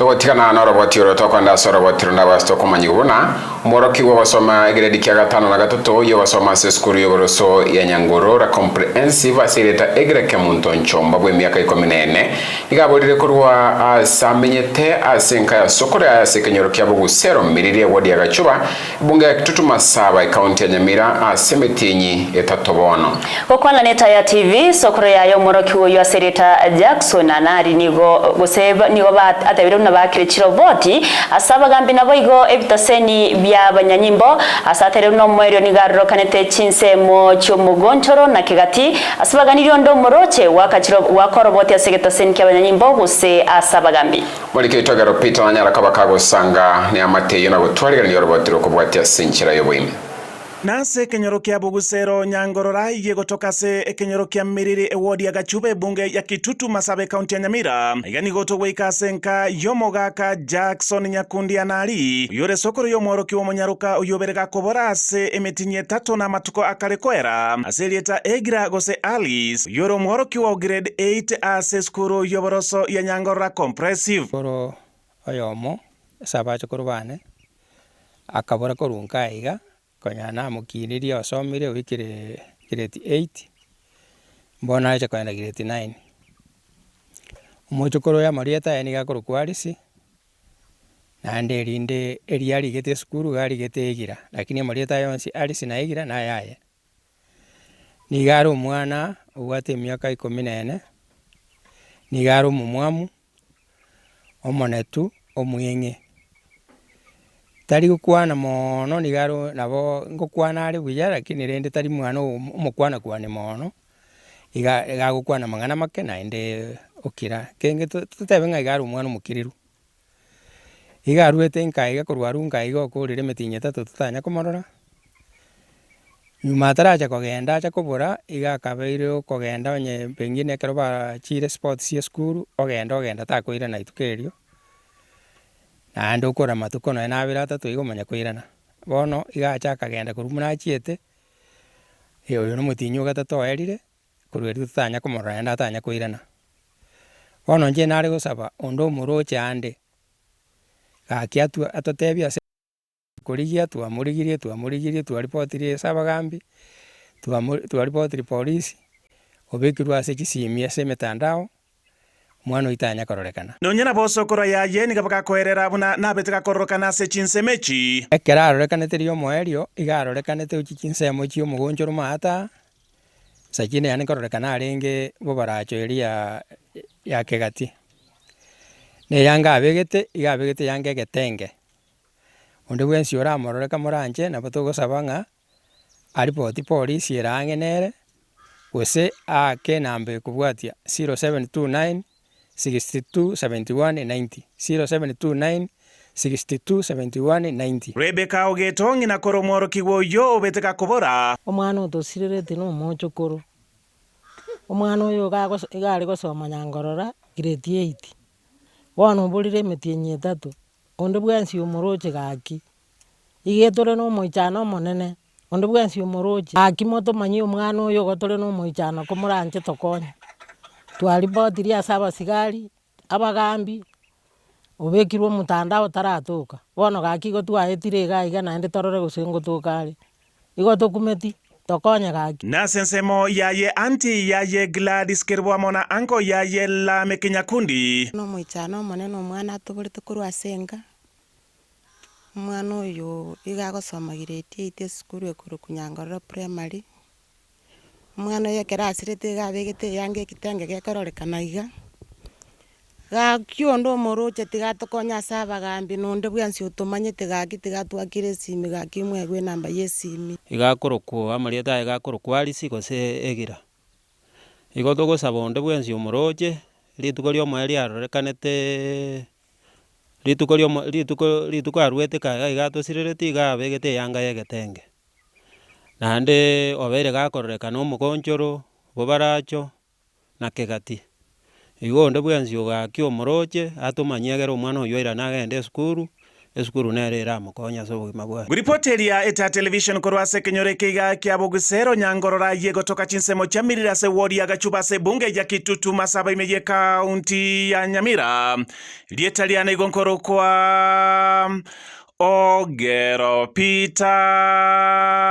togotĩgana na roboti ũrĩa twakwenda so roboti rũnda wasto kũmanyigũna mworoki wa wasoma giredi kia gatano na gatutu uyo wasoma cukuru yogoroso ya nyangoro nyangurura comprehensive asireta egereke muntu nchomba bwe miaka ikumi na ene igaburire kurwa asamenyete asinka ya sukuru ya sekenyoro kya bugusero mirire wodi ya gachuba bunge tutuma saba ikaunti ya nyamira asemetinyi etatobono gukwana neta ya tv sukuru yayo mworoki uyo asireta jackson anari nigo guseba nigo athabire na bakire chiro voti gambi nabo igo ebitaseni bia banyanyimbo asate rero no ni nigaruro kanete mo cyo mugonchoro na kigati asibaga nilio ndo moroche wakachiro wakorobote asigeta senke banyanyimbo guse asabagambi ke itogaro pita anyara kabakago sanga ni amate yona gutwarira ni yorobotiro kubwati asinchira yobuime nase ekenyoro kia bugusero nyangorora igiegotoka se ekenyoro kia miriri ewodi ya gachuba ebunge ya kitutu masabe kaunti ya nyamira igani gotogwika ase nka yomogaka jackson nyakundi anari uyore sokoro yomworoki womonyaruka uyoberega kobora ase emetinyi etato na matuko koera ase erieta egira gose alice uyore omworoki wa grade 8 ase skuru yoboroso ya nyangorora compressive koro oyomo esaba chokoro bane akabora korunka iga konya namukiriria osomire oikire kiree grade eight bono aeche kwenda grade nine. Omochokoro oyo amariete aye nigakorokwa arisi, naende erinde eria arigete esukuru iga arigete eigira lakini amariete aye onsi arisi na eigira naye aye. Niga are omwana obwate emiaka ikomi nene, niga are omomwamu, omonetu, omweng'e tari gukwana mono ni niga nabo ngukwana ari buya lakini rende tari mwana umukwana kwane mono iga iga gukwana mang'ana make na naindi ukira kenge tutebe ng'a iga ari omwana omukiriru iga aruete nkaiga korwa aru nkaiga okurire emiti etatu tutanya komorora nyuma ataracha kogenda acha kubura iga akabaire okogenda onye pengine ba chire sports cia skuru ogenda ogenda takoira na itukerio na ndukura matuko na nabere atatu igumenya koirana bono igacha akagenda kuruma nachiete e uyu ni mutinyu gatatu erire kurweri tutanya kumurora enda atanya kwirana bono nje nari gusaba undu muruche ande gaki atu atutebia ase kurigia twamurigirie twamurigirie twaripotiri saba gambi twaripotiri polisi obekirwe ase chisimi ase emetandao mwana oitanya kororeka nonyena bosokorwa yeni kaba gakoerera buna nabete gakororokana ase chinsemo echi ekero arorekanete riomoerio iga arorekanete ochi chinsemo chio omogoncho romaata sakine yaani nkororekana arenge bobaracho eri ya ne yanga abegete iga abegete yange egetenge onde bwensi oramororeka moranche nabo togosaba ng'a aripoti polisi erang'enere gose ake namba ekobwatia 0729 rebeka ogete ong'e na koromoro kiwo oyo obetega kobora omwana otosirere ti na omochokoro omwana oyo igare gosoma nyangorora gireti eiti bono oborire emeti enye etato onde bwensi omoroche gaki igetore na omoichano omonene onde bwensi omoroche aki motomanyi omwana oyo ogotore na omoichano komoranche tokonya twaribotirie ase abasigari abagambi obekirwe omotandao taratoka bono gaki igo twaetire iga iga naende torore gose ngotoka are igo tokumeti tokonye gaki nase ensemo yaye anti yaye gladis kerwamo na anko yaye lame no na omonene omwana atoborete korwa ase enka omwana oyo iga agosoma giredi eight esukuru ekorokunyangarora primary mwana uyu ekiracirite gabigite yangi iga ga gaki undu umuruche tiga konya saba mbi nunde bwa nsi tiga gaki tiga twakire esimi gaki kimwe gwe namba ya esimi igakurukwa ari si ko se egira igo sabo undu bwa nsi umuruche rituko ria omweri arorekanete rituko rituko rituko aruete ka iga tusirereti iga begete yanga ya egetenge naende obeire gakororeka na omogonchoro bobaracho na kegati igo onde bwensi ogaki omoroche atomanyegera omwana oywo aira agende esukuru esukuru nere eramokonya ase obogima bwane goripoti eria eta television korwa ase ekenyoro eke iga kia nyangorora nyangororaiye gotoka chinsemo chiamirire ase wodi ya gachuba ase ebunge ya kitutu masaba abaime ya ekaunti ya nyamira rieta riana igo nkorokwa kwa ogero pita